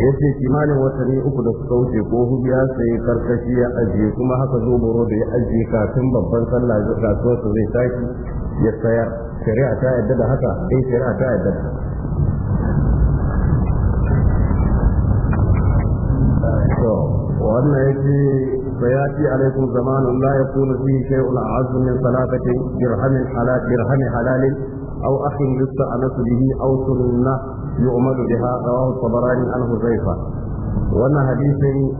ya ce kimanin watanni uku da suka wuce ko hudu ya sayi karkashi ya ajiye kuma haka zo boro da ya ajiye kafin babban sallah kasuwar su zai tashi ya sayar shari'a ta yadda da haka eh shari'a ta yadda da to wannan yake فياتي عليكم alaikum لا يكون فيه شيء اعز من صدقه درهم حلال درهم حلال أو أخ يستأنس به أو سنة يؤمل بها رواه الطبراني عن حذيفة وأن حديث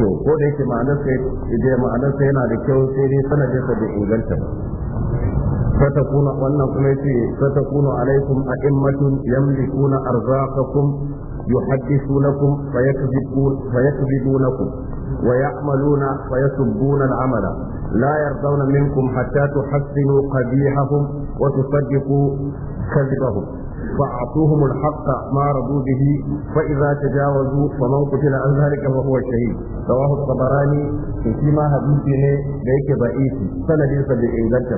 to ko da yake ma'anarsa da ma'anarsa yana da kyau sai dai sanadinsa bai inganta ba فتكون wannan kuma yace فتكون عليكم أئمة يملكون أرزاقكم يحدثونكم فيكذبون فيكذبونكم ويعملون فيسبون العمل لا يرضون منكم حتى تحسنوا قبيحهم وتصدقوا كذبهم فأعطوهم الحق ما رضوا به فإذا تجاوزوا فمن قتل عن ذلك فهو الشهيد رواه الطبراني فيما حديثه ليك ضعيف سند سبع إن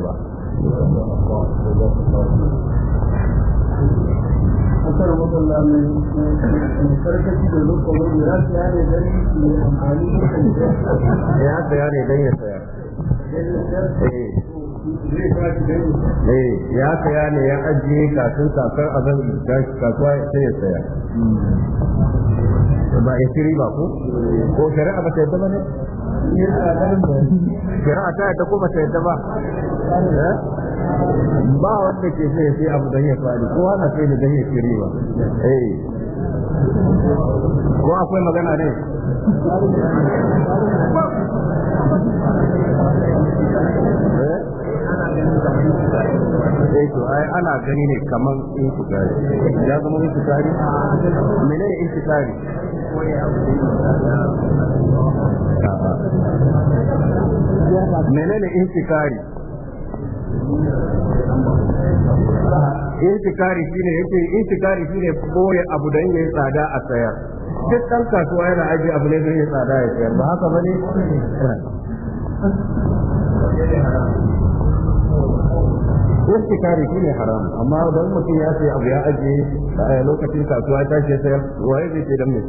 kar makalla mai karkaci da zuwa wani ya saya ne don mai amfani da ya saya ne don ya saya eh. Eh, ya saya ne ya ajiye kafin kakar azan da kasuwa sai ya saya. Hmm. Ba ya shiri ba ku? Ko shari'a ba ta yadda ba ne? Shari'a ta yadda ko ba ta yadda ba? Eh? ba wanda ke sai abu da ya faru ko ana sai da ya eh ko akwai magana ne eh, eh to ai ana gani ne kaman ya zama intikari shine yake intikari shine boye abu da yake tsada a sayar duk dan kasuwa yana aje abu ne da yake tsada ya sayar ba haka bane kare shi ne haram amma don mutum ya sai abu ya ajiye lokacin kasuwa ta ce sayar waye zai ce dan me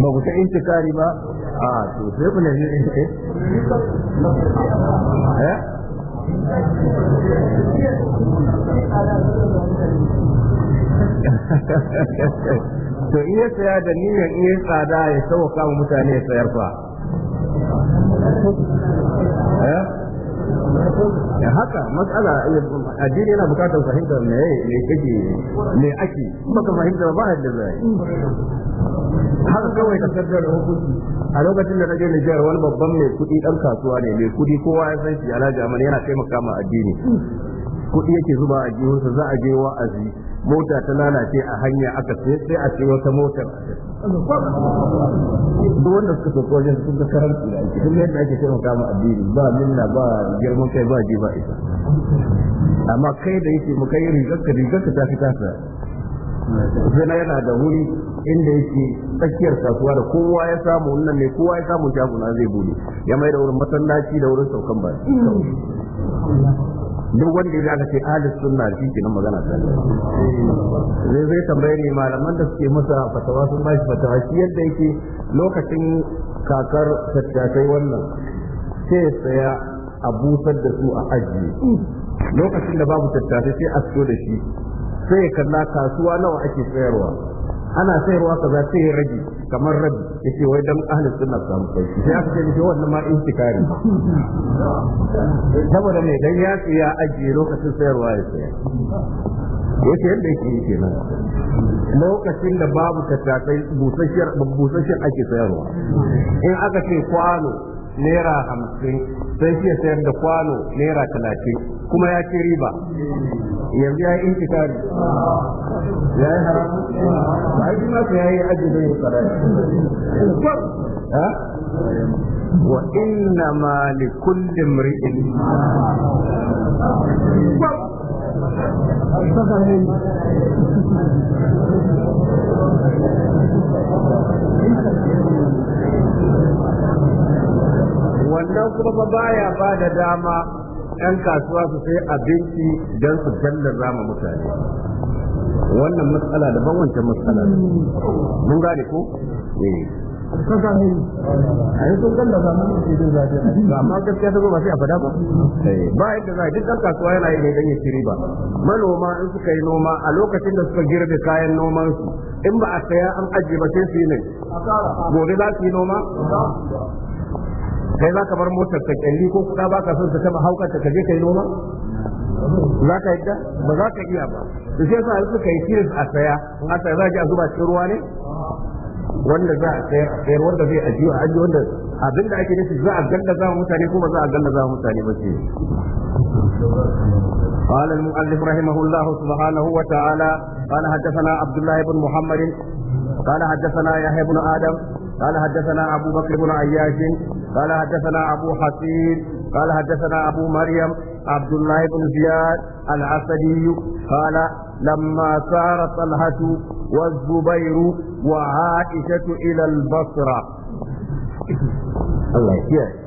ba ku ta intikari ba a to sai ku ne eh to iya saya da niyan iya tsada ya sauka mutane ya sayar fa eh? haka matsala eh, addini yana bukatar fahimtar me me kake me ake baka fahimta ba yadda zai haka kawai ka sarda da hukunci a lokacin da naje Nijar wani babban mai kudi dan kasuwa ne mai kudi kowa ya san shi Alhaji Amar yana taimaka ma addini kuɗi yake zuba a jihunsa za a je wa'azi mota ta lalace a hanya aka sai sai a ce wata mota. duk wanda suka so ko wajen sun ga karanci da ake kuma yadda ake taimaka ma addini ba minna ba girman kai ba ji ba isa amma kai da yake muka yi rigarka rigarka ta fi kasa zina yana da wuri inda yake tsakiyar kasuwa da kowa ya samu wannan ne kowa ya samu shaguna zai bude ya mai da wurin masallaci da wurin saukan ba duk wanda ya ga ce alis sunna shi kenan magana ta zai zai tambaye ne malaman da suke masa fatawa sun ba shi fatawa shi yadda yake lokacin kakar tattakai wannan sai saya a busar da su a ajiye lokacin da babu tattakai sai a fito da shi sai ya kalla kasuwa nawa ake sayarwa ana sayarwa kaza sai ya rage kamar rabi yace wai dan ahli sunna samu kai sai ya ce mishi wannan ma intikari saboda mai dan ya tsaya ajiye lokacin sayarwa ya saya yace yadda yake yi kenan lokacin da babu tattakai busasshiyar busasshiyar ake sayarwa in aka ce kwano naira hamsin sai shi ya sayar da kwano naira talatin kuma ya ci riba yanzu ya yi intikari ya yi haramu yi ma ya yi yin wa inna ma li kulli mri'in wannan kuma ba baya ba da dama 'yan kasuwa su sai abinci don su gallaza ma mutane wannan matsala daban wancan matsala mun gane ko ka gane eh. a yi sun gallaza ma mutane zafi amma gaskiya ta zo ba sai a fada ba eh. ba yadda za a duk ɗan kasuwa yana yi ne don ya shiri ba manoma in suka yi noma a lokacin da suka girbe kayan nomansu in ba a saya an ajiye ba sai su yi ne gobe za su yi noma kai za ka bar motar ta kyalli ko kuɗa ba ka son ta taba haukar ta kaje kai noma za ka yadda ba za ka iya ba da sai sa suka yi kiris a saya in a saya za ji a zuba cikin ruwa ne wanda za a sayar a sayar wanda zai ajiyo a ajiyo wanda abin da ake nufi za a ganda gallaza mutane ko ba za a ganda gallaza mutane ba ce قال المؤلف رحمه الله سبحانه وتعالى قال حدثنا عبد الله بن محمد قال حدثنا يحيى بن ادم قال حدثنا أبو بكر بن عياش قال حدثنا أبو حسين قال حدثنا أبو مريم عبد الله بن زياد العسدي قال لما سار طلحة والزبير وعائشة إلى البصرة الله يكيه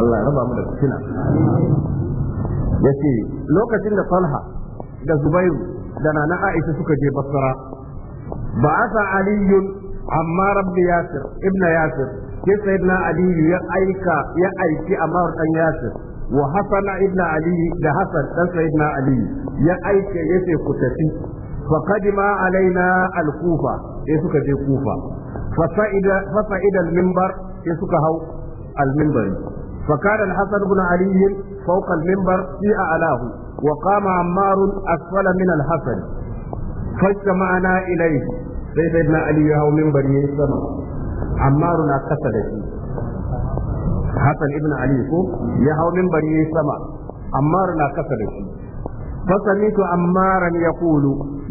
Allah ya raba mu da fitina yace lokacin da Talha da Zubairu da Nana Aisha suka je Basra ba'asa Aliyun ammar ibn yasir ibn yasir ke sayyidina aliyu ya aika ya aiki ammar dan yasir wa hasan ibn ali da hasan dan sayyidina ali ya ya yace ku tafi fa qadima alaina al-kufa sai suka je kufa fa sa'ida fa sa'ida al-minbar sai suka hau al-minbar fa kana al-hasan ibn ali fawqa al-minbar fi a'lahu wa qama ammar asfala min al-hasan فاجتمعنا إليه sai sai na ali ya hau mimbar yayi sama ammaru na kasa da shi hasan ibn ali ko ya hau mimbar yayi sama ammaru na kasa da shi فسمعت عمارا يقول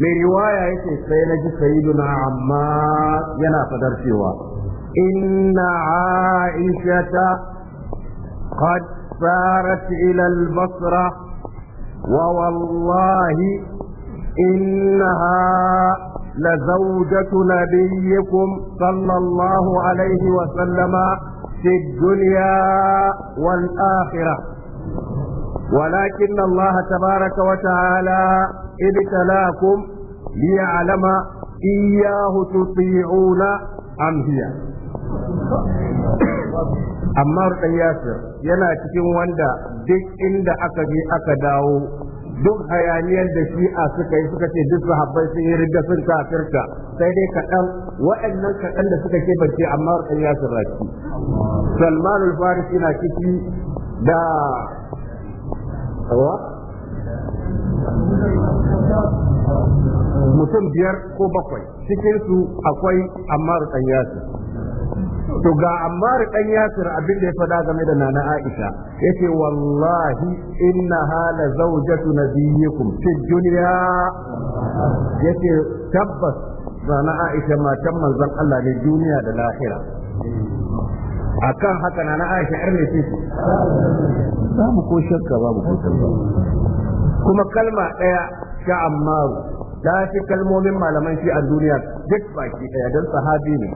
من رواية سينج سيدنا عمار ينا فدر سوى إن عائشة قد سارت إلى البصرة ووالله إنها لزوجة نبيكم صلى الله عليه وسلم في الدنيا والآخرة ولكن الله تبارك وتعالى ابتلاكم ليعلم إياه تطيعون أم هي Ammar ɗan Yasir yana cikin wanda duk inda aka je aka dawo duk hayaniyar da shi a suka yi suka ce duk sahabbai sun yi riga sun kafirta sai dai kaɗan waɗannan kaɗan da suka ke bace amma ɗan ya sarraki salman al-farisi na ciki da mutum biyar ko bakwai cikinsu akwai amma ɗan to ga ammar dan yasir abin da ya faɗa game da nana aisha yace wallahi inna hala zawjatu nabiyyikum fi dunya yace tabbas nana aisha matan manzon Allah ne duniya da lahira akan haka nana aisha yar ne ce mu ko shakka babu ko shakka kuma kalma daya sha amma ta shi kalmomin malaman shi a duniya duk baki daya don sahabi ne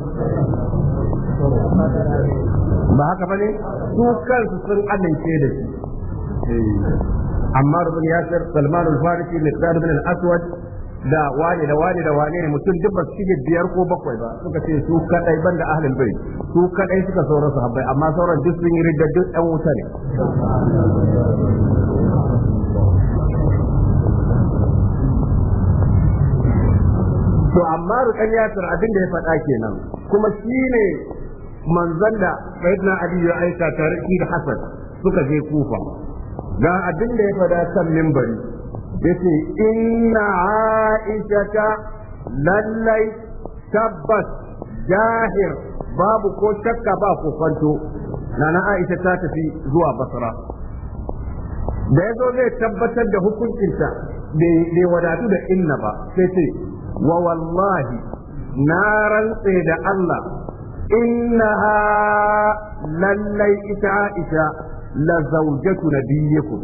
ba haka bane su kansu sun amince da shi eh. Ammar ya Yasir Salman al-Farisi Miqdad bin al-Aswad da wani da wani da wani ne mutum duk ba su shige biyar ko bakwai ba suka ce su kadai banda ahlul bayt su kadai suka sauran habbai amma sauran duk sun yi ridda duk ɗan wuta ne to amma rukan yasir abin da ya faɗa kenan kuma shine manzon da sayyidina ali ya aika tare da hasan suka je kufa ga abin da ya fada kan minbari yace inna aisha lallai tabbas jahir babu ko shakka ba ko fanto nana aisha ta tafi zuwa basra da yazo zai tabbatar da hukuncinta bai wadatu da inna ba sai ce wa wallahi na rantse da Allah innaha lallai ita Aisha la zaujatu nabiyyikum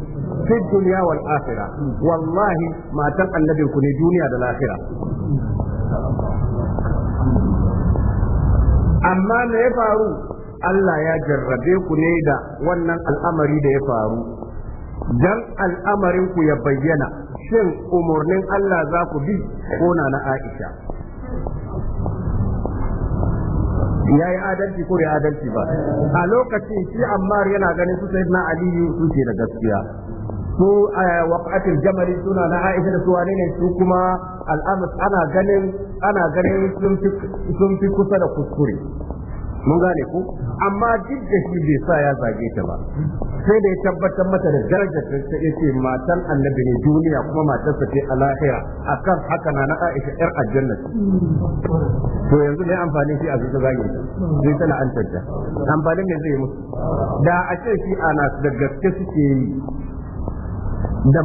fi dunya wal akhirah wallahi matan annabinku ne duniya da lahira amma me ya faru Allah ya jarrabe ku ne da wannan al'amari da ya faru dan al'amarin ku ya bayyana shin umurnin Allah za ku bi ko na na Aisha ya yi adalci ko ya adalci ba a lokacin shi ammar yana ganin su sai na aliyu su ce da gaskiya su eh, waqatil jamali suna na aisha da su wane ne su kuma al'amus ana ganin sun fi kusa da kuskure mun gane ku amma duk da shi bai sa ya zage ta ba sai da ya tabbatar mata da darajar da ta yace matan annabi ne duniya kuma matar sa ce a lahira akan haka na na Aisha yar aljanna to yanzu ne amfani shi a zuwa zage ta sai tana an tajja. Amfani ne zai musu da a ce shi ana da gaske suke yi da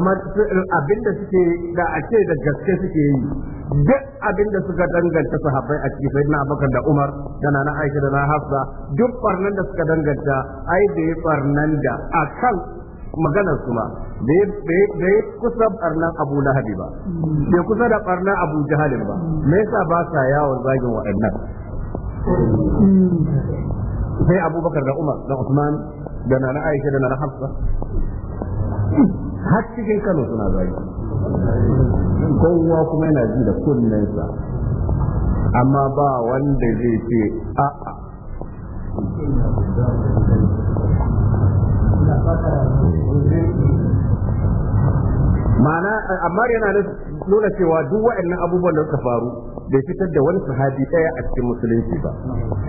abinda suke da a ce da gaske suke yi duk abin da suka danganta sahabbai a cikin na Abubakar da Umar da na Aisha da na Hafsa duk barnan da suka danganta ai da ya barnan da kan maganar su ma da ya kusa barnan Abu Lahabi ba ya kusa da barnan Abu Jahalin ba me yasa ba sa yawon zagin wa'annan sai Abubakar da Umar da Usman da na Aisha da na Hafsa har cikin kano suna zagi kowa kuma yana ji da kunnensa amma ba wanda zai ce a a ma'ana amma yana nuna cewa duk waɗannan abubuwan da suka faru bai fitar da wani sahabi ɗaya a cikin musulunci ba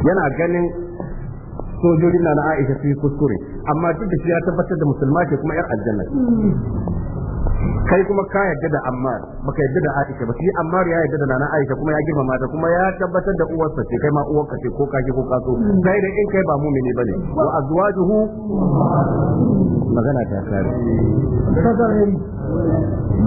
yana ganin sojojin na Aisha su yi kuskure amma duk da shi ya tabbatar da musulma ce kuma yar aljanna kai kuma ka yadda da Ammar baka yadda da Aisha ba shi Ammar ya yadda da nana Aisha kuma ya girmama ta kuma ya tabbatar da uwarsa ce kai ma uwarka ce ko ka ko ka so sai da in kai ba mumini bane wa azwajuhu magana ta kare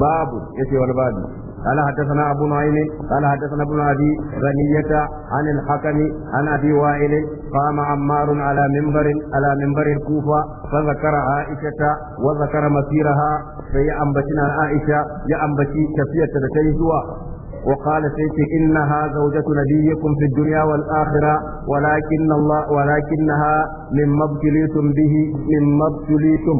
babu yace wani babu قال حدثنا أبو نعيم قال حدثنا ابن أبي غنية عن الحكم عن أبي وائل قام عمار على منبر على منبر الكوفة فذكر عائشة وذكر مسيرها فهي أنبتنا عائشة يا أنبتي كفية لتيزوا وقال سيتي إنها زوجة نبيكم في الدنيا والآخرة ولكن الله ولكنها مما ابتليتم به مما ابتليتم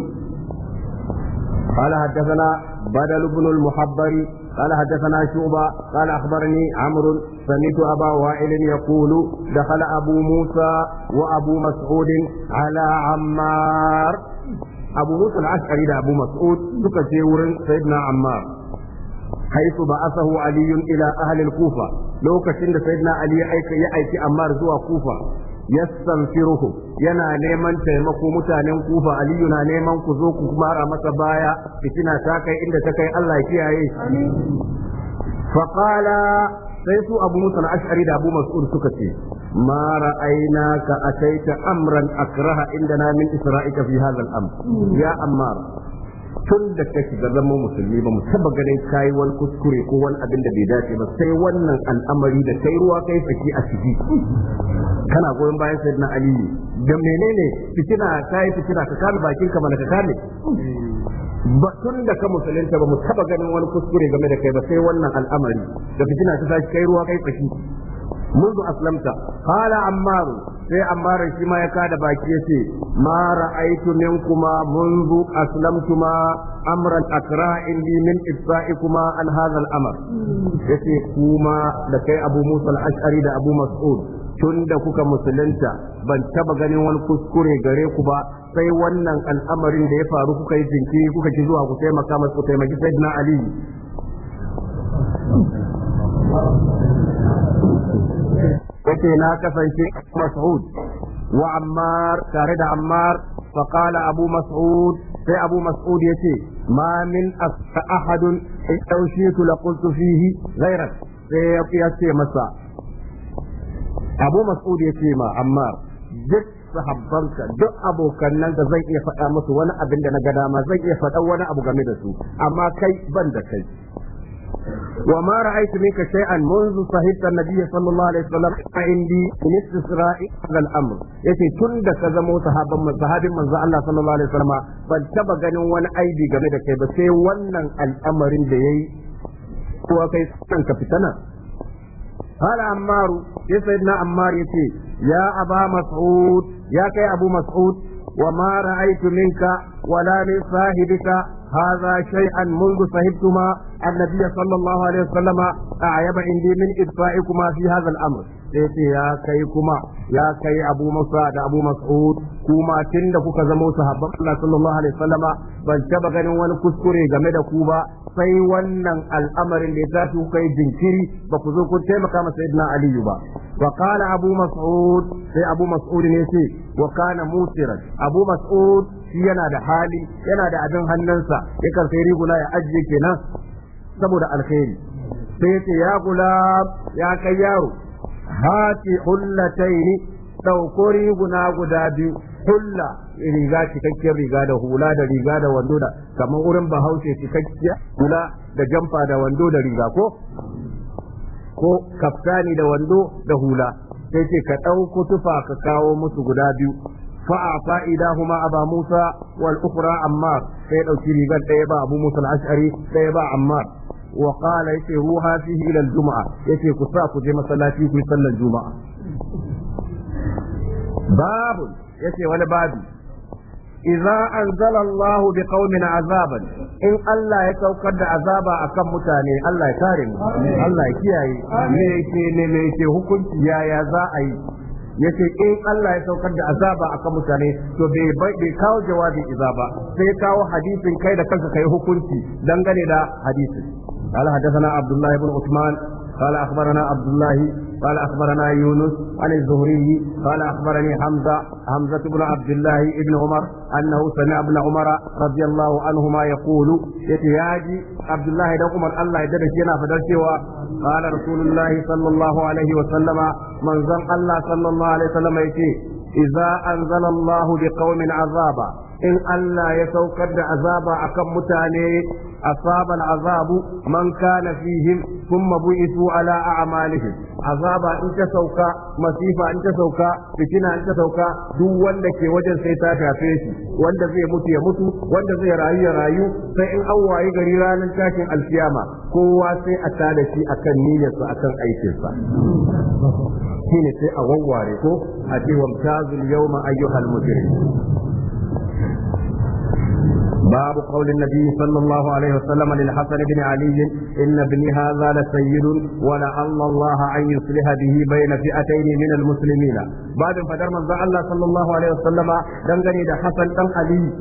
قال حدثنا بدل بن المحبر قال حدثنا شعبة قال أخبرني عمرو سمعت أبا وائل يقول دخل أبو موسى وأبو مسعود على عمار أبو موسى العشعري أبو مسعود سكتيور سيدنا عمار حيث بعثه علي إلى أهل الكوفة لو كشند سيدنا علي أيك يأيك عمار زوى كوفة yastanfiruhu yana neman taimako mutanen kufa aliyu na neman ku zo ku mara masa baya fitina ta kai inda ta kai Allah kiyaye faqala sai su abu musa na ash'ari da abu mas'ud suka ce ma ra'ayna ka ataita amran akraha indana min isra'ika fi hadha al-amr ya ammar tun da ka shiga zama musulmi ba mu taba ganin kai wani kuskure ko wani abin da bai dace ba sai wannan al'amari da kai ruwa kai saki a ciki kana goyon bayan sayyidina ali ne da menene fitina kai fitina ka kame bakin ka mana ka kame ba tun da ka musulunta ba mu taba ganin wani kuskure game da kai ba sai wannan al'amari da fitina ta saki kai ruwa kai saki منذ أسلمت قال عمار sai an ammar shi ma ya kada baki yace ma ra'aytu minkuma منذ aslamtuma amran akra indi min ifsa'ikuma an hadha al-amr yace kuma da kai Abu Musa al-Ash'ari da Abu Mas'ud tunda kuka musulunta ban taɓa ganin wani kuskure gare ku ba sai wannan al'amarin da ya faru kuka yi jinkiri kuka ki zuwa ku taimaka masa taimaki Sayyidina Ali yace na kasance Mas'ud wa Ammar tare da Ammar fa Abu Mas'ud sai Abu Mas'ud yace ma min ahad in tawshitu la qultu fihi ghayrak sai ya ce masa Abu Mas'ud yace ma Ammar duk sahabbanka duk abokan nan da iya faɗa musu wani abin da na ga dama zai iya faɗa wani abu game da su amma kai ban da kai وما رأيت منك شيئا منذ صحيح النبي صلى الله عليه وسلم عندي من استسراء هذا الأمر يتي تند كزمو صحابا من صحاب من الله صلى الله عليه وسلم بل تبقى نوان أيدي قبل كي بسي ونن الأمر اللي يي هو كي سنة فتنة قال عمار يسيدنا أمار يتي يا أبا مسعود يا كي أبو مسعود وما رأيت منك ولا من صاحبك هذا شيئا منذ صحبتما النبي صلى الله عليه وسلم أعيب عندي من إدفاعكما في هذا الأمر sai ce ya kai kuma ya kai Abu Musa da Abu Mas'ud kuma tun da kuka zama sahabban Allah sallallahu alaihi wasallama ban taba ganin wani kuskure game da ku ba sai wannan al'amarin da ya tashi kuka yi jinkiri ba ku zo kun taimaka ma idina Aliyu ba wa qala Abu Mas'ud sai Abu Mas'ud ne ce wa kana musiran Abu Mas'ud shi yana da hali yana da abin hannunsa yakan sai riguna ya ajiye kenan saboda alkhairi sai ya ce ya kula ya kai yaro hati hullataini ɗauko riguna guda biyu hulla riga cikakken riga da hula da riga da wando da kamar wurin bahaushe cikakken hula da jamfa da wando da riga ko ko kaftani da wando da hula sai ce ka ɗauko tufa ka kawo musu guda biyu fa'ida idahuma aba musa wal ukhra ammar sai ɗauki rigar ɗaya ba abu musa al-ash'ari ɗaya ba ammar wa qala yace ruha fihi ila juma'a. juma ku sa ku je masallaci ku sallar juma'a babu yace wani babu idza anzala Allah bi qaumin azaban in Allah ya saukar da azaba akan mutane Allah ya kare mu Allah ya kiyaye me yake ne me yake hukunci yaya za a yi yace in Allah ya saukar da azaba akan mutane to bai bai kawo jawabi iza ba sai kawo hadisin kai da kanka kai hukunci dangane da hadisin قال حدثنا عبد الله بن عثمان قال أخبرنا عبد الله قال أخبرنا يونس عن الزهري قال أخبرني حمزة حمزة بن عبد الله بن عمر أنه سمع ابن عمر رضي الله عنهما يقول يتياجي عبد الله بن عمر الله يدرك هنا فدرسوا قال رسول الله صلى الله عليه وسلم من زم الله صلى الله عليه وسلم يتي إذا أنزل الله بقوم عذابا in Allah ya saukar da azaba akan mutane asaba azabu man kana fihim thumma bu'isu ala a'malihim azaba in ta sauka masifa in ta sauka fitina in ta sauka duk wanda ke wajen sai ta shafe shi wanda zai mutu ya mutu wanda zai rayu ya rayu sai in an wayi gari ranar tashin alkiyama kowa sai a tada shi akan niyyarsa akan aikinsa shine sai a wawware ko a ce wamtazul yawma ayyuhal mujrim باب قول النبي صلى الله عليه وسلم للحسن بن علي إن ابني هذا لسيد ولعل الله أن يصلح به بين فئتين من المسلمين بعد فدر من الله صلى الله عليه وسلم دنجني دا حسن بن علي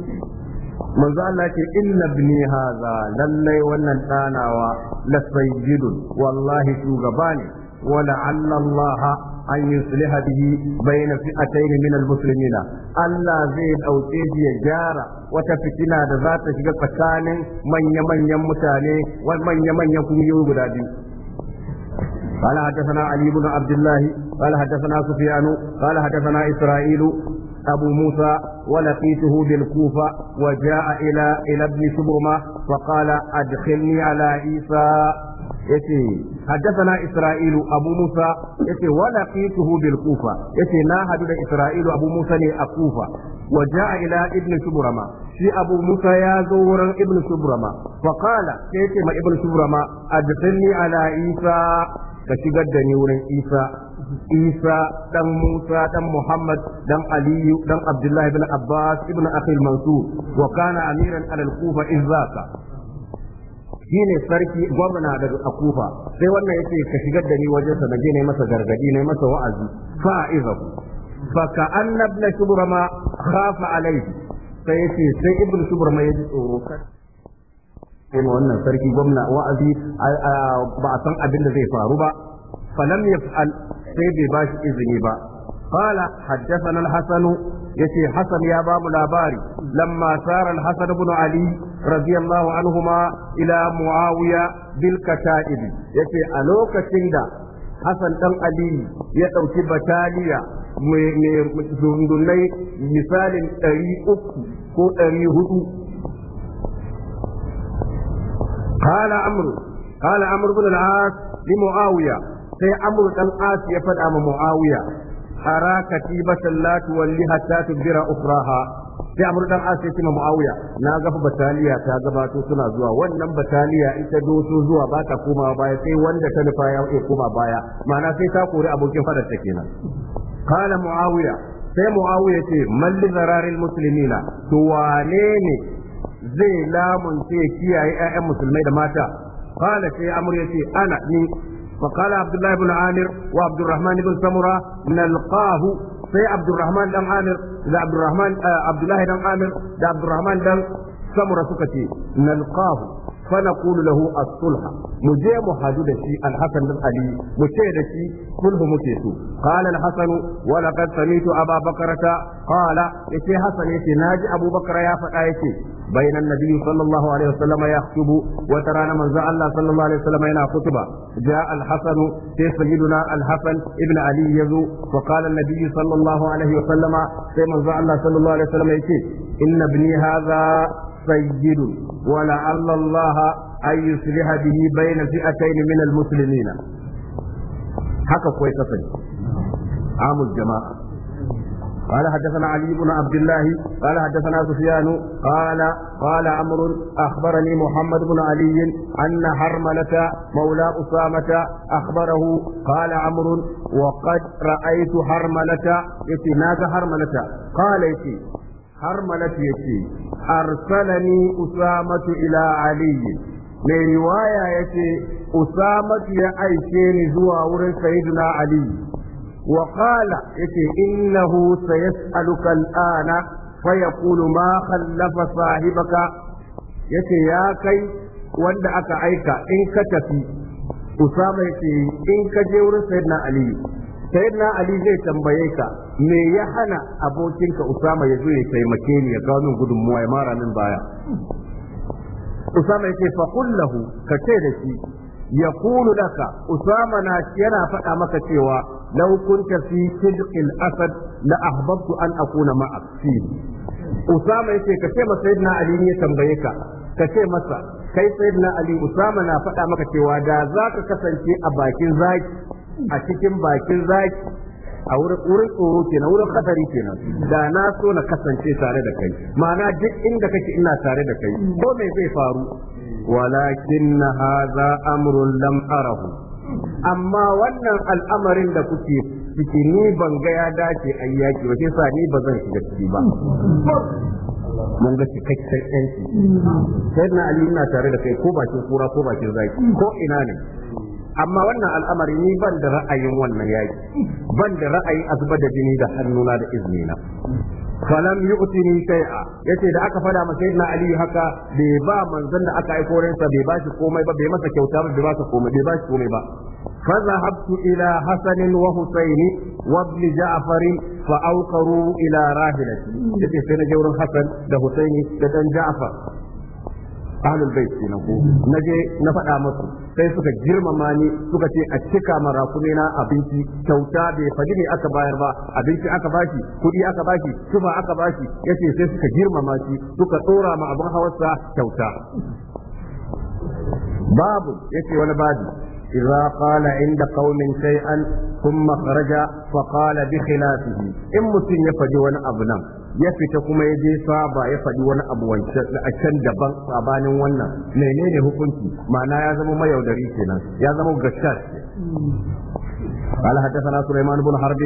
manzo Allah ce inna ibni haza lallai wannan danawa la sayyidun wallahi shugaba ne ولعل الله أن يصلح به بين فئتين من المسلمين ألا زيد أو زيد يجارة وتفتنا ذات شجاع كان من يمن يمتاني ومن يمن يكون يوغدادي قال حدثنا علي بن عبد الله قال حدثنا سفيان قال حدثنا إسرائيل أبو موسى ولقيته بالكوفة وجاء إلى إلى ابن شبرمة فقال أدخلني على عيسى yace haddathana isra'ilu abu musa yace wa laqituhu bil kufa yace na hadu da isra'ilu abu musa ne a kufa wa jaa ila ibn subrama shi abu musa ya zo wurin ibn subrama fa qala yace ma ibn subrama adkhilni ala isa ka shigar da ni wurin isa isa dan musa dan muhammad dan aliyu dan abdullahi ibn abbas ibn akhi mansur wa kana amiran ala al-kufa izzaka shi ne sarki gwamna da a kufa sai wannan ya ce ka shigar da ni wajensa na je na masa gargadi na masa wa'azi fa'izahu baka ka annab na shubrama khafa alaihi sai yace sai ibnu shubrama ya ji tsoro sai ma wannan sarki gwamna wa'azi ba a san abin da zai faru ba falam yaf'al sai bai bashi izini ba قال حدثنا الحسن يتي حسن يا باب الأباري لما سار الحسن بن علي رضي الله عنهما إلى معاوية بالكتائب يتي ألوك تندى Hassan ɗan Ali ya ɗauki bataliya mai dundunai misalin ɗari uku ko ɗari hudu. Kala Amru, kala Amru bin al'as sai Amru ɗan asi ya faɗa ma Mu'awiya, ara katibatan la tuwalli hatta tubira ukraha sai amru dan asai ce muawiya na ga bataliya ta gabato suna zuwa wannan bataliya ita doso zuwa ba ta koma baya sai wanda ta nufa ya koma baya ma'ana sai ta kori abokin fadar ta kenan Kala muawiya sai muawiya ce malli zararil muslimina to wane ne zai lamunce kiyaye 'ya'yan musulmai da mata Kala sai amur yace ana ni فقال عبد الله بن عامر وعبد الرحمن بن سمرة نلقاه في عبد الرحمن بن عامر ده عبد الرحمن آه، عبد الله بن عامر ده عبد الرحمن بن سمرة سكتي نلقاه fa naqulu lahu as-sulh mu je mu hadu da shi al-hasan bin ali mu ce da shi sulhu muke so qala al-hasan wa laqad sami'tu aba bakrata qala yace hasan yace naji abubakar ya faɗa yace بين النبي صلى الله عليه وسلم يخطب وترانا من زعل الله صلى الله عليه وسلم هنا خطبة جاء الحسن في سيدنا الحسن ابن علي يزو وقال النبي صلى الله عليه وسلم في من زعل الله صلى الله عليه وسلم يتي إن ابني هذا سيد ولعل الله أن يصلح به بين فئتين من المسلمين حكى كويس عام الجماعة قال حدثنا علي بن عبد الله قال حدثنا سفيان قال قال عمرو اخبرني محمد بن علي ان حرملة مولى اسامة اخبره قال عمرو وقد رايت حرملة اتناك حرملة قال يتي har malatu yace arsalani usamatu ila ali mai riwaya yace usamatu ya aike ni zuwa wurin sayyidina ali wa qala yace innahu sayas'aluka al'ana fa yaqulu ma khallafa sahibaka yace ya kai wanda aka aika in ka tafi usama yace in ka je wurin sayyidina ali sayyidina ali zai tambaye ka me ya hana abokinka Usama ya zo ya taimake ni ya kawo min gudunmuwa ya mara min baya Usama ce fa kullahu ka ce da shi ya kulu daga Usama na yana faɗa maka cewa laukunta kunta fi sidqil asad na ahbabtu an akuna na fi Usama ce ka ce masa yadda Ali ne ya tambaye ka ka ce masa kai sayyidina Ali Usama na faɗa maka cewa da za ka kasance a bakin zaki a cikin bakin zaki a wurin wurin tsoro kenan wurin hatsari kenan da na so na kasance tare da kai ma'ana duk inda kake ina tare da kai ko mai zai faru walakin za a lam lam'arahu amma wannan al'amarin da kuke ciki ni ban ga ya dace an yaki ba sa ni ba zan shiga ciki ba mun ga cikakken yanci sai na ali ina tare da kai ko bakin kura ko bakin zaki ko ina ne amma wannan al'amari ni ban da ra'ayin wannan yaki ban da ra'ayi azuba da jini da hannuna da iznina falam yu'tini shay'a yace da aka fada masa sayyidina ali haka bai ba manzon da aka aiko ransa bai bashi komai ba bai masa kyauta ba bai ba komai bai bashi komai ba ila فذهبت إلى حسن وحسين وابن rahilati فأوقروا إلى راحلتي. يتي سنة hasan da husayn da dan ja'far ahlul bait na ko naje na faɗa musu sai suka girmama ni suka ce a cika marakume na abinci kyauta bai faɗi ne aka bayar ba abinci aka baki kuɗi aka baki tufa aka bashi yace sai suka girmama shi suka tsora ma abin hawarsa kyauta babu yace wani babu إذا قال عند قوم شيئا ثم خرج فقال بخلافه إن wani يفجون أبنا ya fita kuma ya je saba ya faɗi wani abu wancan a can daban sabanin wannan menene hukunci ma'ana ya zama mayaudari kenan ya zama gashash قال حدثنا سليمان بن حرب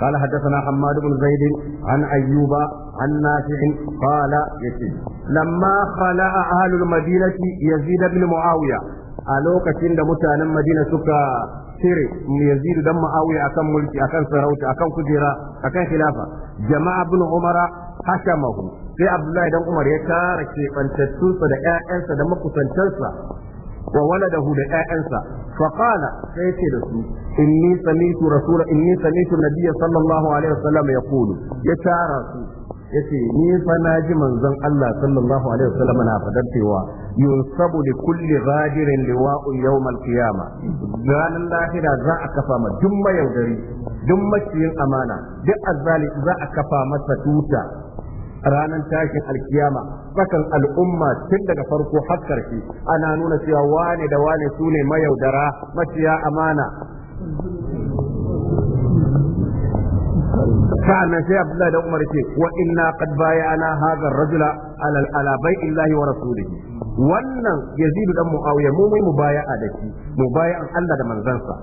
قال حدثنا حماد بن زيد عن أيوب عن نافع قال يتي لما خلع أهل المدينة يزيد بن معاوية a lokacin da mutanen Madina suka cire yazidu dan ma'awiya akan mulki akan sarauta akan kujera akan khilafa jama'a ibn umara hashamahu sai abdullahi dan umar ya tara sa da ƴaƴansa da makusantansa wa waladahu da ƴaƴansa fa qala sai ce da su inni sami'tu rasul inni sami'tu nabiyya sallallahu alaihi wasallam yaqulu ya tara su yace ni fa na ji manzon Allah sallallahu alaihi wasallam na fadar cewa yunsabu li kulli ghadirin liwa'u yawm al-qiyamah ranar lahira za a kafa ma duk mayaudari duk maciyin amana duk azali za a kafa masa tuta ranar tashin alkiyama tsakan al'umma tun daga farko har karshe ana nuna cewa wane da wane su ne mayaudara maciya amana sa'annan sai Abdullahi da Umar ce wa inna qad bay'ana hadha ar-rajula ala ala wa rasulihi wannan Yazid dan Muawiya mu mai mubaya'a da shi mubaya'an Allah da manzansa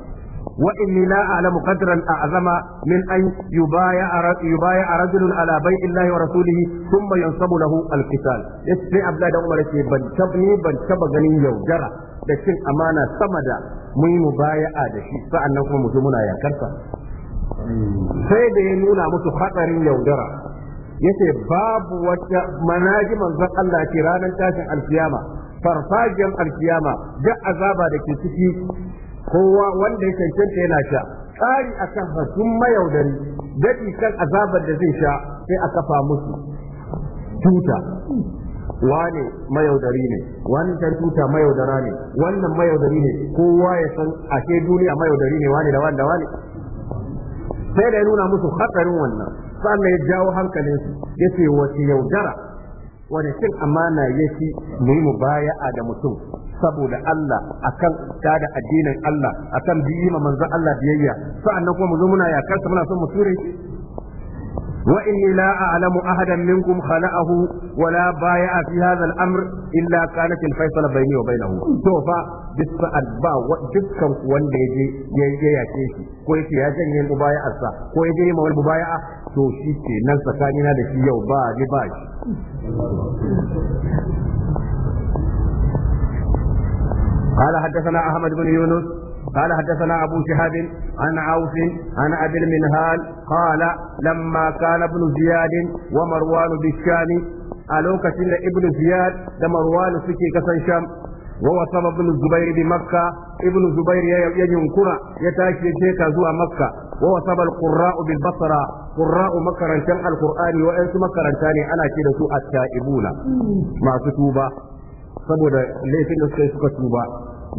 وإني لا min a أعظم من أن يبايع يبايع رجل على بيع الله ورسوله ثم ينصب له sai Abdullahi da Umar عمر يقول بن ban بن ganin yaudara da cin amana sama da mu yi mubaya'a da shi sa'annan kuma mu muna yakarsa sai da ya nuna musu hatsarin yaudara yace babu wata manaji manzan Allah ke ranar tashin alkiyama farfajiyar alkiyama ga azaba da ke ciki kowa wanda ya cancanta yana sha tsari akan hasun mayaudari daɗi kan azabar da zai sha sai a kafa musu tuta wane mayaudari ne wannan tuta mayaudara ne wannan mayaudari ne kowa ya san ashe duniya mayaudari ne wane da da wane sai da ya nuna musu hatsarin wannan sannan ya jawo hankalin su ce wace yaudara wani cin amana ya fi mu baya a da mutum saboda Allah akan da addinin Allah akan biyi ma manzan Allah biyayya sa'annan kuma mu zo muna yakarsa muna son mu ture وإني لا أعلم أحدا منكم خلقه ولا بايع في هذا الأمر إلا كانت الفيصل بيني وبينه توفى بس أدبا ودكم wanda ya je ya yake shi ko yake ya janye mubaya'arsa ko ya je ma wani to shi ke nan tsakanina da shi yau ba ni ba shi قال حدثنا أحمد بن يونس قال حدثنا أبو شهاب عن عوف عن أبي المنهال قال لما كان ابن زياد ومروان بالشام ألوكة ابن زياد ومروان سكي كسن شام ووصل ابن الزبير بمكة ابن الزبير ينكر يتاكي جيكا زوى مكة ووصل القراء بالبصرة قراء مكرا شمع القرآن وأنت مكرا ثاني أنا كده التائبون مع كتوبة saboda laifin da suka yi suka tuba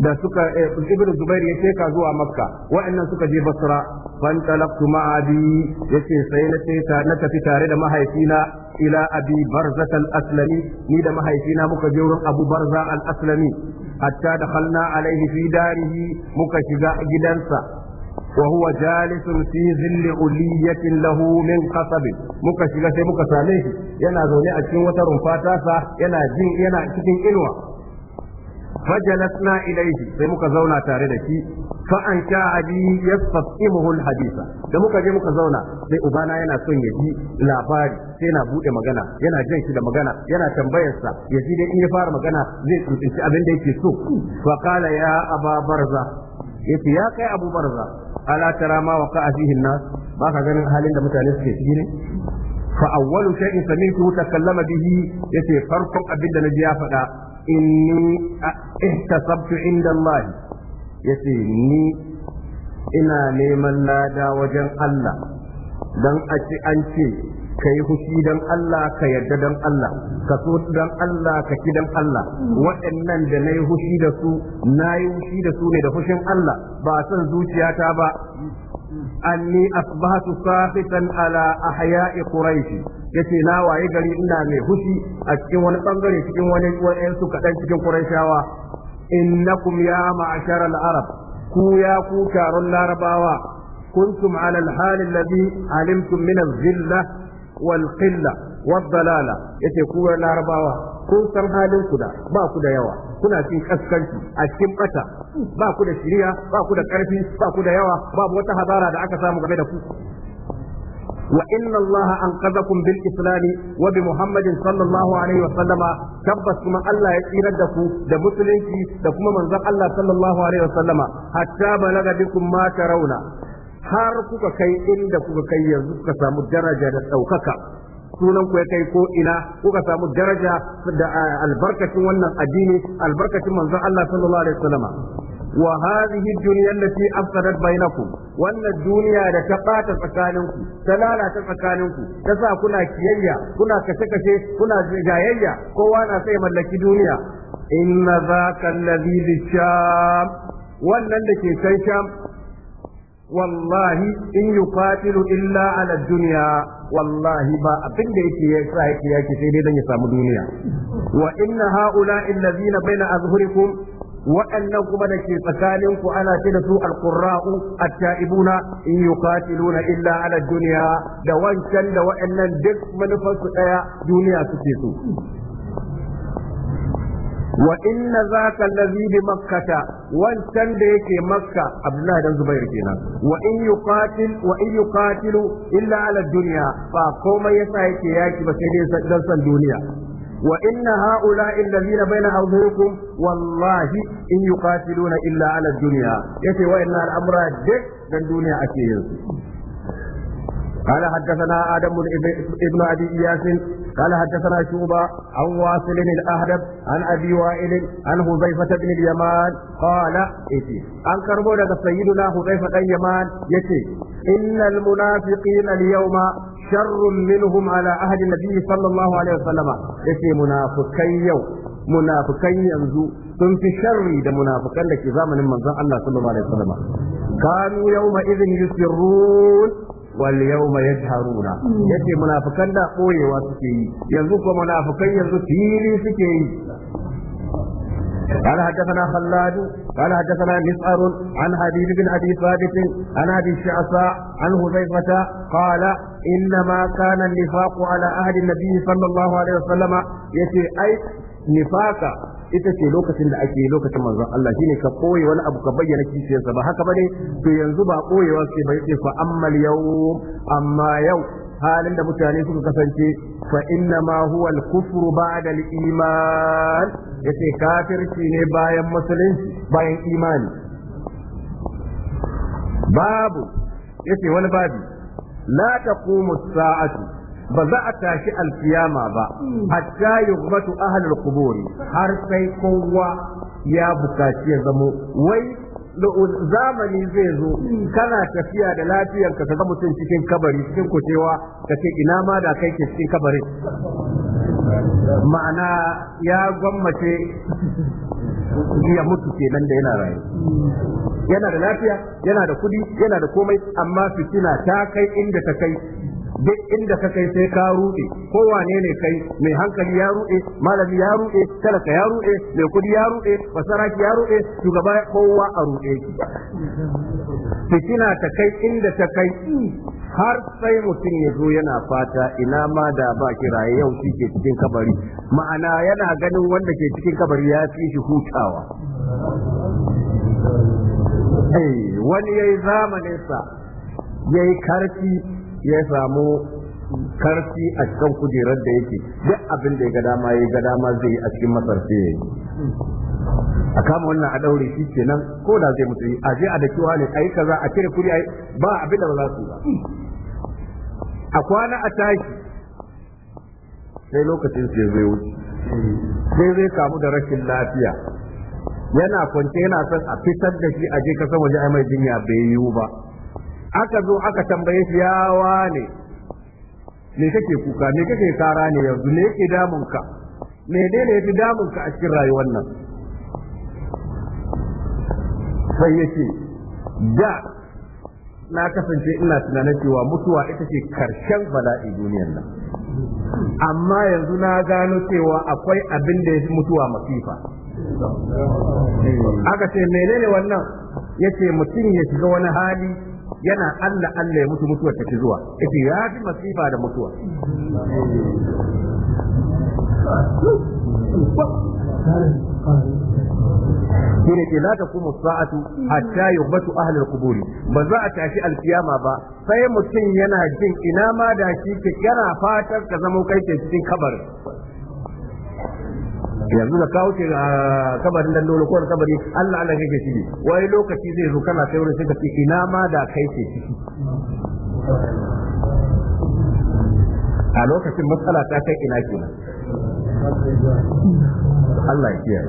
da suka eh, ibn zubair ya teka zuwa makka wa'annan suka je basra fan talaqtu ma'abi yace sai na teka na tafi tare da mahaifina ila abi barza al-aslami ni da mahaifina muka je wurin abu barza al-aslami hatta dakhalna alaihi fi darihi muka shiga gidansa وهو جالس في ظل علية له من قصب muka shiga sai muka same shi yana zaune a cikin wata rumfa tasa yana jin yana cikin inuwa fajalasna ilaihi sai muka zauna tare da shi fa'an an sha abi yasfahimuhu alhadisa da muka je muka zauna sai ubana yana son ya ji labari sai na bude magana yana jan shi da magana yana tambayarsa sa ya ji da in ya fara magana zai tsinci abin da ya ke so fa qala ya aba barza yace ya kai abu barza ala tara ma waqa fihi na ba ka ganin halin da mutane suke ciki ne fa awwalu shay'in sami'tu takallama bihi ce farkon abin da ji ya faɗa inni ihtasabtu inda Allah yace ni ina neman lada wajen Allah dan a ce an ce ka yi hushi don Allah ka yarda don Allah ka so don Allah ka ki dan Allah waɗannan da nayi yi hushi da su na yi hushi da su ne da hushin Allah ba san zuciyata ba anni asbahatu safitan ala ahya'i quraishi yace na waye gari ina mai hushi a cikin wani bangare cikin wani wani su kadan cikin Qurayshawa innakum ya ma'ashara al-arab ku ya ku taron larabawa kuntum ala al-hal alladhi alimtum min al-zilla wal qilla wad dalala yace larabawa kun san halin ku da ba ku da yawa kuna cin kaskanci a cikin bata ba ku da shiriya ba ku da karfi ba ku da yawa babu wata hazara da aka samu game da ku وإن الله أنقذكم بالإسلام وبمحمد صلى الله عليه وسلم تبس كما الله يردك ده مسلمك ده كما منزل الله صلى الله عليه وسلم حتى بلغ بكم ما ترون har kuka kai inda kuka kai yanzu kuka samu daraja da ɗaukaka sunan ku ya kai ko ina kuka samu daraja da eh, albarkacin wannan addini albarkacin manzon Allah sallallahu alaihi wasallam wa hadhihi ad-dunya allati afsadat bainakum wannan duniya da ta ɓata tsakaninku ta lalata tsakaninku ta sa kuna kiyayya kuna kashe-kashe kuna jayayya kowa na sai mallaki duniya inna dhaka alladhi bi sham wannan da ke can sham wallahi in yuqatilu illa ala dunya wallahi ba abin da yake ya sa yake yake sai dai dan ya samu duniya wa inna haula allazina baina azhurikum waɗannan kuma da ke tsakanin ku ana ce da su alqurra'u at-ta'ibuna in yuqatiluna illa ala dunya da wancan da waɗannan duk manufar su daya duniya suke so wa inna zaka allazi bi makkata wancan da yake makka abdullahi dan zubair kenan wa in yuqatil illa ala ba komai yasa yake yaki ba sai dai dan duniya وإن هؤلاء الذين بين أرضكم والله إن يقاتلون إلا على الدنيا يتي وإن الأمر دك من دنيا أكيد قال حدثنا آدم ابن أبي إياس قال حدثنا شوبة عن واصل الأهدب عن أبي وائل عن حذيفة بن اليمان قال إتي عن كربونة سيدنا حذيفة بن اليمان يتي إن المنافقين اليوم شر منهم على عهد النبي صلى الله عليه وسلم يتي منافقين يوم منافقين ينزو sun fi sharri da munafikan da ke zamanin manzon Allah sallallahu alaihi wasallam kanu yawma idhin yusirrun wal yawma yajharuna yace munafikan da ɓoyewa suke yi yanzu ko munafikan yanzu fili suke yi قال حدثنا خلاد قال حدثنا مسعر عن حبيب بن ابي ثابت عن ابي الشعثاء عن حذيفه قال انما كان النفاق على عهد النبي صلى الله عليه وسلم يتي اي nifaka ita ce lokacin da ake lokacin manzon Allah shine ka koyi wani abu ka bayyana kishiyarsa ba haka bane to yanzu ba koyewa ce bai ce fa ammal yau amma yau halin da mutane suka kasance fa inna ma huwa al-kufru ba'da al-iman yace kafirci ne bayan musulunci bayan imani babu yace wani babu la taqumu as-sa'atu ba za a tashi alfiyama ba hatta yughbatu ahlul qubur har sai kowa ya bukaci ya zamo wai zamani zai zo kana tafiya da lafiyar ka ga mutum cikin kabari cikin kucewa ka ce ina ma da kai ke cikin kabarin ma'ana ya gwammace ya mutu ke nan da yana rayu yana da lafiya yana da kudi yana da komai amma fitina ta kai inda ta kai duk inda ka kai sai ka ruɗe ko wane ne kai mai hankali ya ruɗe malami ya ruɗe talaka ya ruɗe mai kudi ya ruɗe basaraki ya ruɗe shugaba kowa a ruɗe ki fitina ta kai inda ta kai har sai mutum ya zo yana fata ina ma da ba kiraye yau shi ke cikin kabari ma'ana yana ganin wanda ke cikin kabari ya fi shi hutawa eh, wani ya yi zamaninsa ya yi karfi ya samu karfi a cikin kujerar da yake duk abin da ya ga dama ya ga dama zai yi a cikin masar sai ya yi a kama wannan a daure shi nan ko da zai mutu a je a da kiwa ne yi kaza a cire kuri ba abin da ba za su ba a kwana a tashi sai lokacin sai zai wuce sai zai kamu da rashin lafiya yana kwance yana son a fitar da shi a je kasan waje a mai jinya bai yiwu ba aka zo aka tambaye shi ya ne me kake kuka me kake kara ne yanzu me yake damun ka Me ne ne yafi damun ka a cikin rayuwar nan sai yake da na kasance ina tunanin cewa mutuwa ita ce karshen bala'i duniyar nan amma yanzu na gano cewa akwai abin da fi mutuwa masifa aka ce menene wannan yace mutum ya shiga wani hali yana Allah Allah ya mutu mutuwar ta zuwa yace ya fi masifa da mutuwa ne ke ta kuma sa'atu hatta yughbatu ahli al kuburi ba za a tashi alkiyama ba sai mutum yana jin ina ma da shi ke yana fatar ka zama kai ke cikin kabarin yanzu da kawo ce ah, kabarin dan dole ko kabari Allah Allah kake ciki wai lokaci zai zo kana kai wurin sai ka ce ina ma da kai ce ciki a lokacin matsala ta kai ina kenan Allah ya kiyaye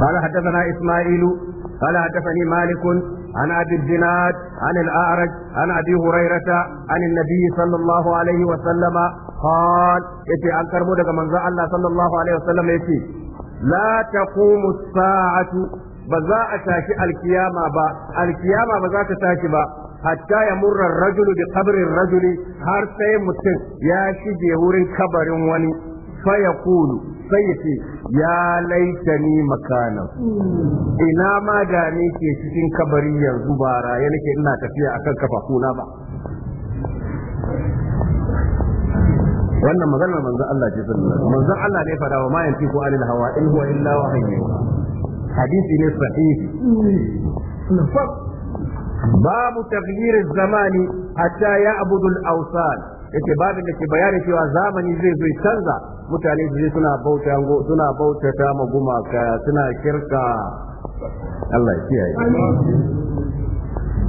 قال حدثنا إسماعيل قال حدثني مالك عن ابي الزناد عن الاعرج عن ابي هريره عن النبي صلى الله عليه وسلم قال يتي أنكر مودك من الله صلى الله عليه وسلم يتي لا تقوم الساعة بزاء تاشي القيامة با القيامة بزاء تاشي با حتى يمر الرجل بقبر الرجل هر سي متن يا شيجي ورين كبر وني فيقول سيتي يا ليتني مكانا ina ma da ne ke cikin kabari yanzu ba raye nake ina tafiya akan kafafuna wannan maganar manzon Allah ce sallallahu alaihi manzon Allah ne fada wa ma ko alil hawa in huwa illa wahyu hadisi ne sahih babu tafyir zamani hatta ya'budu al-awsan yake babin da ke bayani cewa zamani zai zai canza mutane su suna bauta suna ta maguma gumaka suna shirka Allah ya kiyaye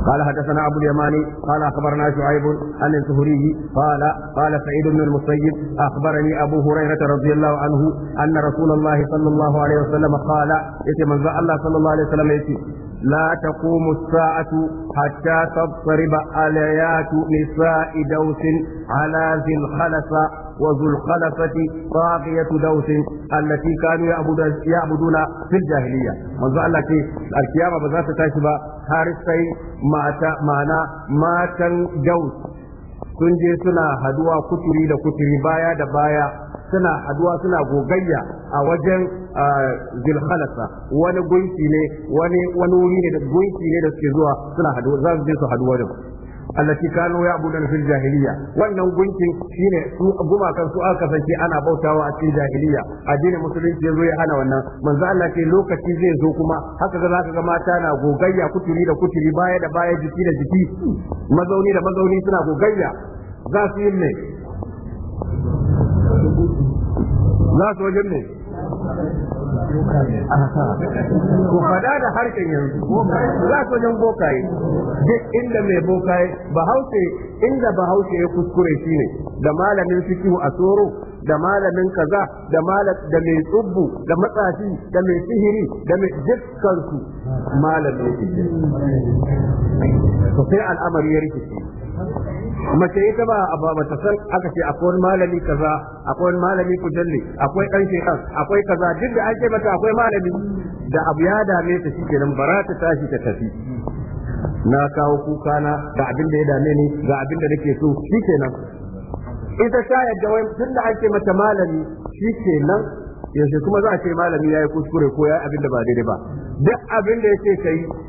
قال حدثنا ابو اليماني قال اخبرنا شعيب عن الزهري قال قال سعيد بن المسيب اخبرني ابو هريره رضي الله عنه ان رسول الله صلى الله عليه وسلم قال يتي من الله صلى الله عليه وسلم يتي لا تقوم الساعة حتى تضطرب عليات نساء دوس على ذي الخلفة وذو الخلفة راقية دوس التي كانوا يعبدون في الجاهلية منذ الله كي القيامة بذات تاشبا هارسي معنا كان دوس sun je suna haduwa kuturi da kuturi baya da baya suna haduwa suna gogayya a wajen zilhalasa wani gunki ne wani wani ne da gunki ne da suke zuwa suna haduwa za su je su haduwa da ya abu ya'buduna fil jahiliya wannan gunkin shine su gumakan su aka kasance ana bautawa a cikin jahiliya addinin musulunci yazo ya hana wannan manzo Allah ce lokaci zai zo kuma haka ga zaka ga mata na gogayya kuturi da kuturi baya da baya jiki da jiki mazauni da mazauni suna gogayya za su yi ne za su wajen ne ku fada da harshen yanzu za su wajen bokaye duk inda mai bokaye bahaushe inda bahaushe ya kuskure shine da malamin fikihu a tsoro da malamin kaza da da mai tsubbu da matsafi da mai sihiri da mai dukkan malamin to sai al'amari ya rikice mace ita ba a ba ta san aka ce akwai malami kaza akwai malami kujalli akwai dan shekan akwai kaza duk da ake mata akwai malami da abu ya dame ta shi kenan bara ta tashi ta tafi na kawo kuka na ga abin da ya dame ni ga abin da nake so kenan. ita ta yadda wai tun da ake mata malami shi kenan yanzu kuma za a ce malami ya yi kuskure ko ya yi abin da ba daidai ba duk abin da ya ce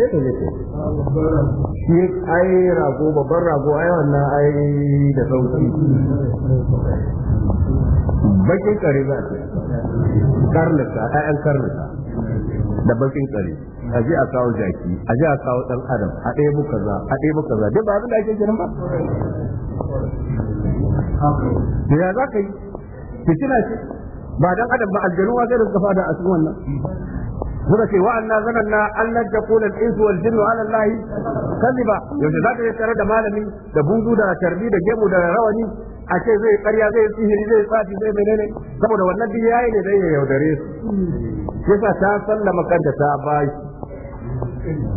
sai ka je shi ai rago babban rago ai wannan ai da sauki bakin kare za ta karnuka ƴaƴan karnuka da bakin kare a je a kawo jaki a je a kawo dan adam a ɗaya ɗebo za a ɗaya ɗebo za duk ba abin da ake kiran ba ya za ka yi fitina ce ba dan adam ba aljanu wa sai da suka fada a cikin wannan suka ce wa anna zananna allan taqula al-insu wal jinnu ala Allahi kadiba yaushe zaka yi tare da malami da bugu da tarbi da gemu da rawani a ce zai karya zai sihiri zai sati zai menene saboda wannan duk yayi ne dai ya yaudare su sa ta sallama kanta ta bashi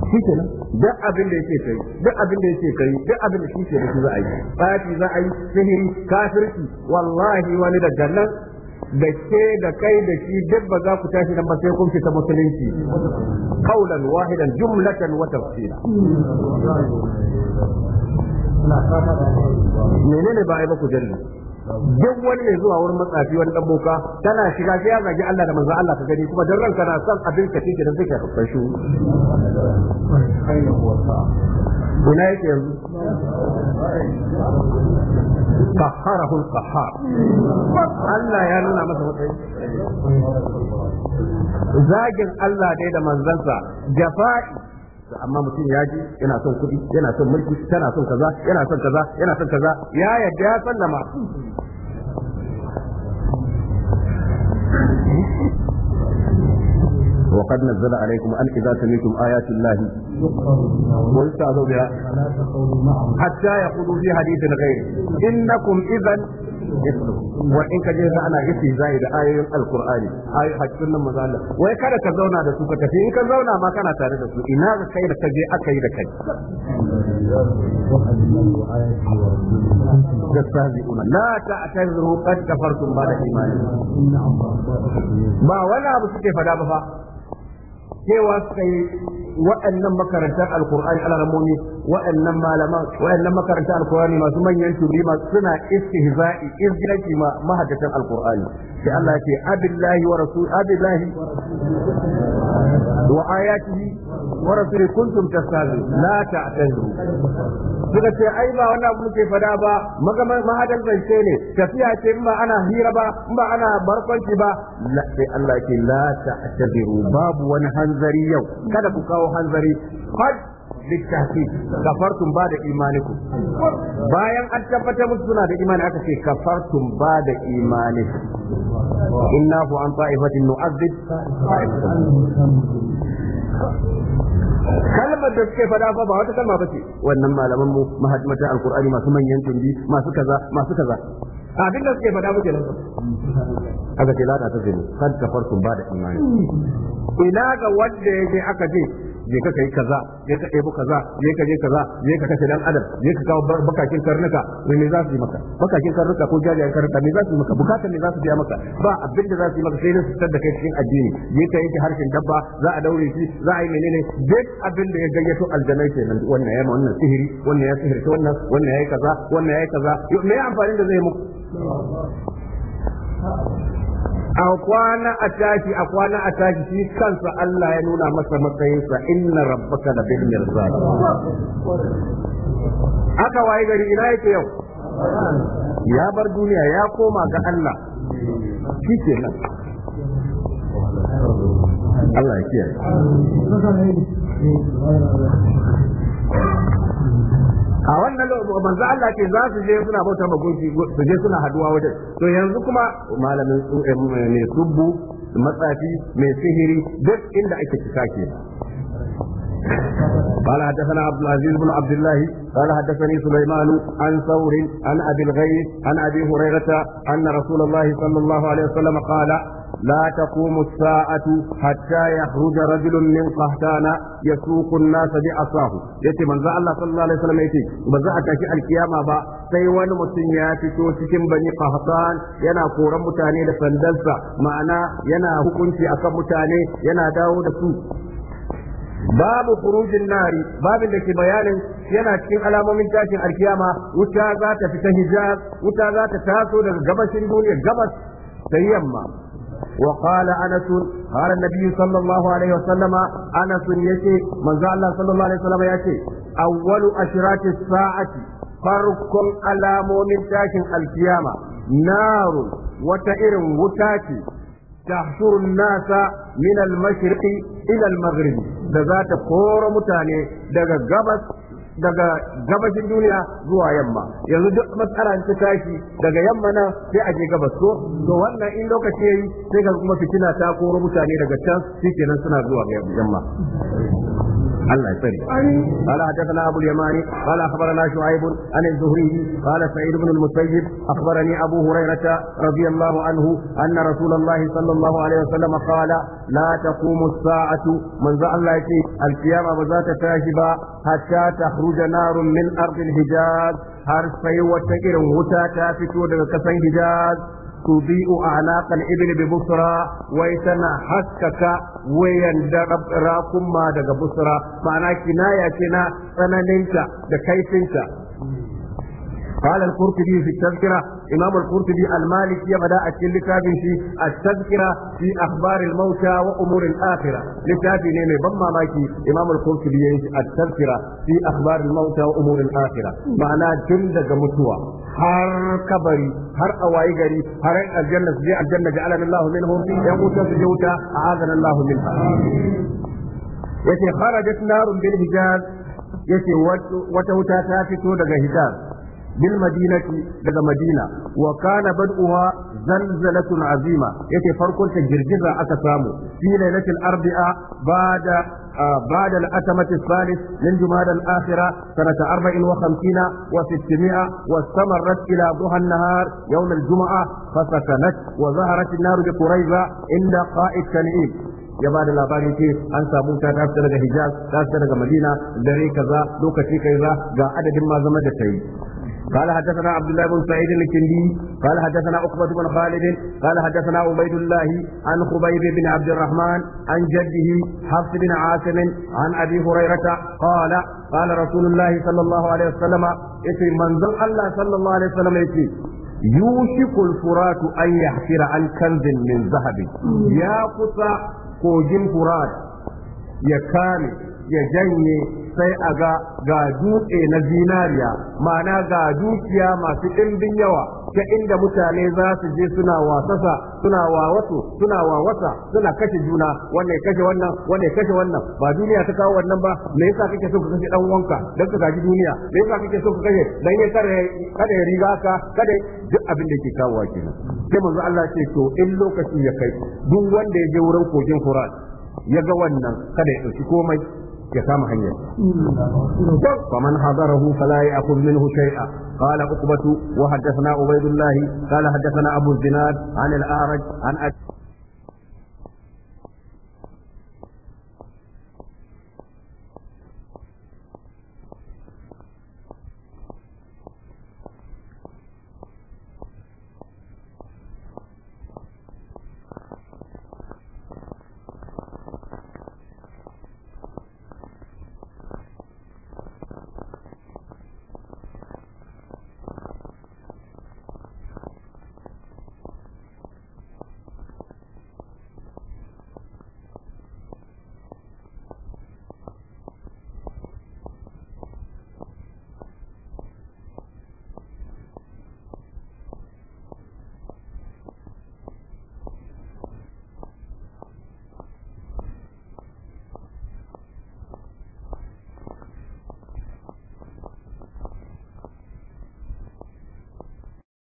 shi nan duk abin da yake kai duk abin da yake kai duk abin da shi ke da shi za a yi sati za a yi sihiri kafirci wallahi wani daga nan da ke da kai da shi duk ba za ku tashi nan ba sai kun fita musulunci qaulan wahidan jumlatan wa tafsila menene ba ai ba ku jalli duk wani mai zuwa wurin matsafi wani dan boka tana shiga sai ya zagi Allah da manzo Allah ka gani kuma dan ranka na san abin ka kike da zaka ka shi ina yake yanzu qahharahu al-qahhar Allah ya nuna masa matsayi zagin Allah dai da manzansa jafa'i amma mutum ya ji yana son kuɗi yana son mulki tana son kaza yana son kaza yana son kaza ya yadda ya sallama وقد نزل عليكم أن إذا سمعتم آيات الله واستعذوا بها حتى يقولوا في حديث غير إنكم إذا وإن كجيزة أنا إسي زايد آية القرآن آية حج سنة مزالة وإن كان كزونا دا سوكا كفي إن كزونا ما كان تارد سو إنا كي لكي أكي لكي يستهزئون لا تعتذروا قد كفرتم بعد إيمانكم ba wani abu suke fada ba fa cewa suka yi waɗannan makarantar alkur'ani alarmomi waɗannan malaman waɗannan makarantar alkur'ani masu manyan turi masu suna istihza'i izgiraki ma mahaddatan alkur'ani sai Allah ya ce abillahi wa rasul abillahi وآياته ورسوله كنتم تستهزئون لا تعتذروا suka ce ai ba wannan abu ke fada ba magaman mahadar zance ne tafiya ce in ba ana hira ba in ba ana barkwanci ba sai Allah ke la ta'tadiru babu wani hanzari yau kada ku kawo hanzari littafi kafartum ba da imanikum bayan an tabbatar musu suna da imani aka ce kafartum ba da imanikum inna hu an ta'ifatin nu'azzib kalmar da suke fada fa ba wata kalma ce. wannan malaman mu mahadmata alqur'ani masu manyan tumbi masu kaza masu kaza abin da suke fada muke nan aka ce lada ta zini kan kafartum ba da imani ina ga wanda yake aka ce je ka kai kaza je ka ɗebo kaza je ka je kaza je ka kashe dan adam je ka kawo bakakin karnuka me ne za su yi maka bakakin karnuka ko jajayen karnuka me za su yi maka bukatar me za su biya maka ba abin da za su yi maka sai dai su da kai cikin addini je ka yanke harshen dabba za a daure shi za a yi menene duk abin da ya gayyato aljanai kenan wannan ya wannan sihiri wannan ya sihirta wannan wannan ya yi kaza wannan ya yi kaza me amfani da zai muku a kwana a tashi a kwana a tashi shi kansa Allah ya nuna masa matsayinsa inna rabbaka da bil mirzad aka waye gari ina yake yau ya bar duniya ya koma ga Allah shi ke nan Allah ya kiyaye a wannan lokacin manzo Allah ke za su je suna bauta ma gunki su je suna haduwa wajen to yanzu kuma malamin eh, mai subbu matsafi mai sihiri duk inda ake cika ke قال حدثنا عبد العزيز بن عبد الله قال حدثني سليمان عن ثور عن ابي الغيث عن ابي هريره ان رسول الله صلى الله عليه وسلم قال لا تقوم الساعة حتى يخرج رجل من قهتان يسوق الناس بعصاه يتي من الله صلى الله عليه وسلم يتي بزا تاشي القيامة با sai wani mutum ya fito cikin bani qahtan yana koran mutane da sandansa ma'ana yana hukunci akan mutane yana dawo da su Babu furujin Nari babin da ke bayanin yana cikin alamomin tashin alkiyama wuta za ta fita hira wuta za ta taso daga gabashin duniya gabas. Sai yamma Wakala Anasun har na biyu Sallallahu alaihi wa sallama Anasun ya ce maza Allah Sallallahu alaihi wa sallama ya ce. sa'ati farkon alamomin tashin alkiyama naru wata irin wuta ce tafafurin nasa min almashi. ila al da za ta koro mutane daga gabas daga gabashin duniya zuwa yamma yanzu duk matsalan ta tashi daga yamma na sai a je gabas ko to wannan in lokaci yayi sai ga kuma fitina ta koro mutane daga can shikenan suna zuwa yamma الله يسلم قال حدثنا ابو اليماني قال اخبرنا شعيب عن الزهري قال سعيد بن المسيب اخبرني ابو هريره رضي الله عنه ان رسول الله صلى الله عليه وسلم قال لا تقوم الساعه من ذا الله يتي القيامه بذات تاشبا حتى تخرج نار من ارض الحجاز har sai wata irin wuta ta fito daga kasan Hijaz tubi'u alaqal ibn bi busra wai tana haskaka wayan da kuma daga busra ma'ana kinaya ce na tsananinta da kaifinta قال القرطبي في التذكرة إمام القرطبي المالكي يبدا أكل لتابي في التذكرة في أخبار الموتى وأمور الآخرة لتابي نيمي بما مايكي إمام القرطبي التذكرة في أخبار الموتى وأمور الآخرة معناه جلد متوى har kabari har a wayi gari har aljanna su je aljanna ja'alana Allahu minhum yan wuta su je wuta a'azana Allahu minha yace kharajat narun bil hijaz yace wata wuta ta fito daga hijaz bil madinati daga madina wa kana bad'uha zalzalatun azima yace farkon ta girgiza aka samu fi lailatul arba'a bada بعد الأتمة الثالث من جماد الآخرة سنة أربع وخمسين وستمائة واستمرت إلى ضحى النهار يوم الجمعة فسكنت وظهرت النار بقريظة عند قائد تنعيم ya ba da labari ce an samu ta ta daga Hijaz ta fita daga Madina dare kaza lokaci za ga adadin ma zama da ta yi قال حدثنا عبد الله بن سعيد الكندي قال حدثنا عقبة بن خالد قال حدثنا عبيد الله عن خبيب بن عبد الرحمن عن جده حفص بن عاصم عن أبي هريرة قال قال رسول الله صلى الله عليه وسلم يتي منزل الله صلى الله عليه وسلم يتي يوشك الفرات أن يحفر عن كنز من ذهب يا قصة كوجين فرات يا كامل ya janye sai a ga ga dutse na zinariya ma'ana ga dukiya masu ɗimbin yawa ta inda mutane za su je suna wasasa suna wawatu suna wawasa suna kashe juna wanne kashe wannan wanne kashe wannan ba duniya ta kawo wannan ba me yasa kake so ka kashe dan wanka dan ka gaji duniya me yasa kake so ka kashe dan ya kare kada ya riga ka kada duk abin da ke kawo kenan sai manzo Allah ce to in lokaci ya kai duk wanda ya je wurin kogin Furat ya ga wannan kada ya dauki komai يا فمن حضره فلا يأخذ منه شيئا قال عقبة وحدثنا عبيد الله قال حدثنا أبو الزناد عن الأعرج عن أجل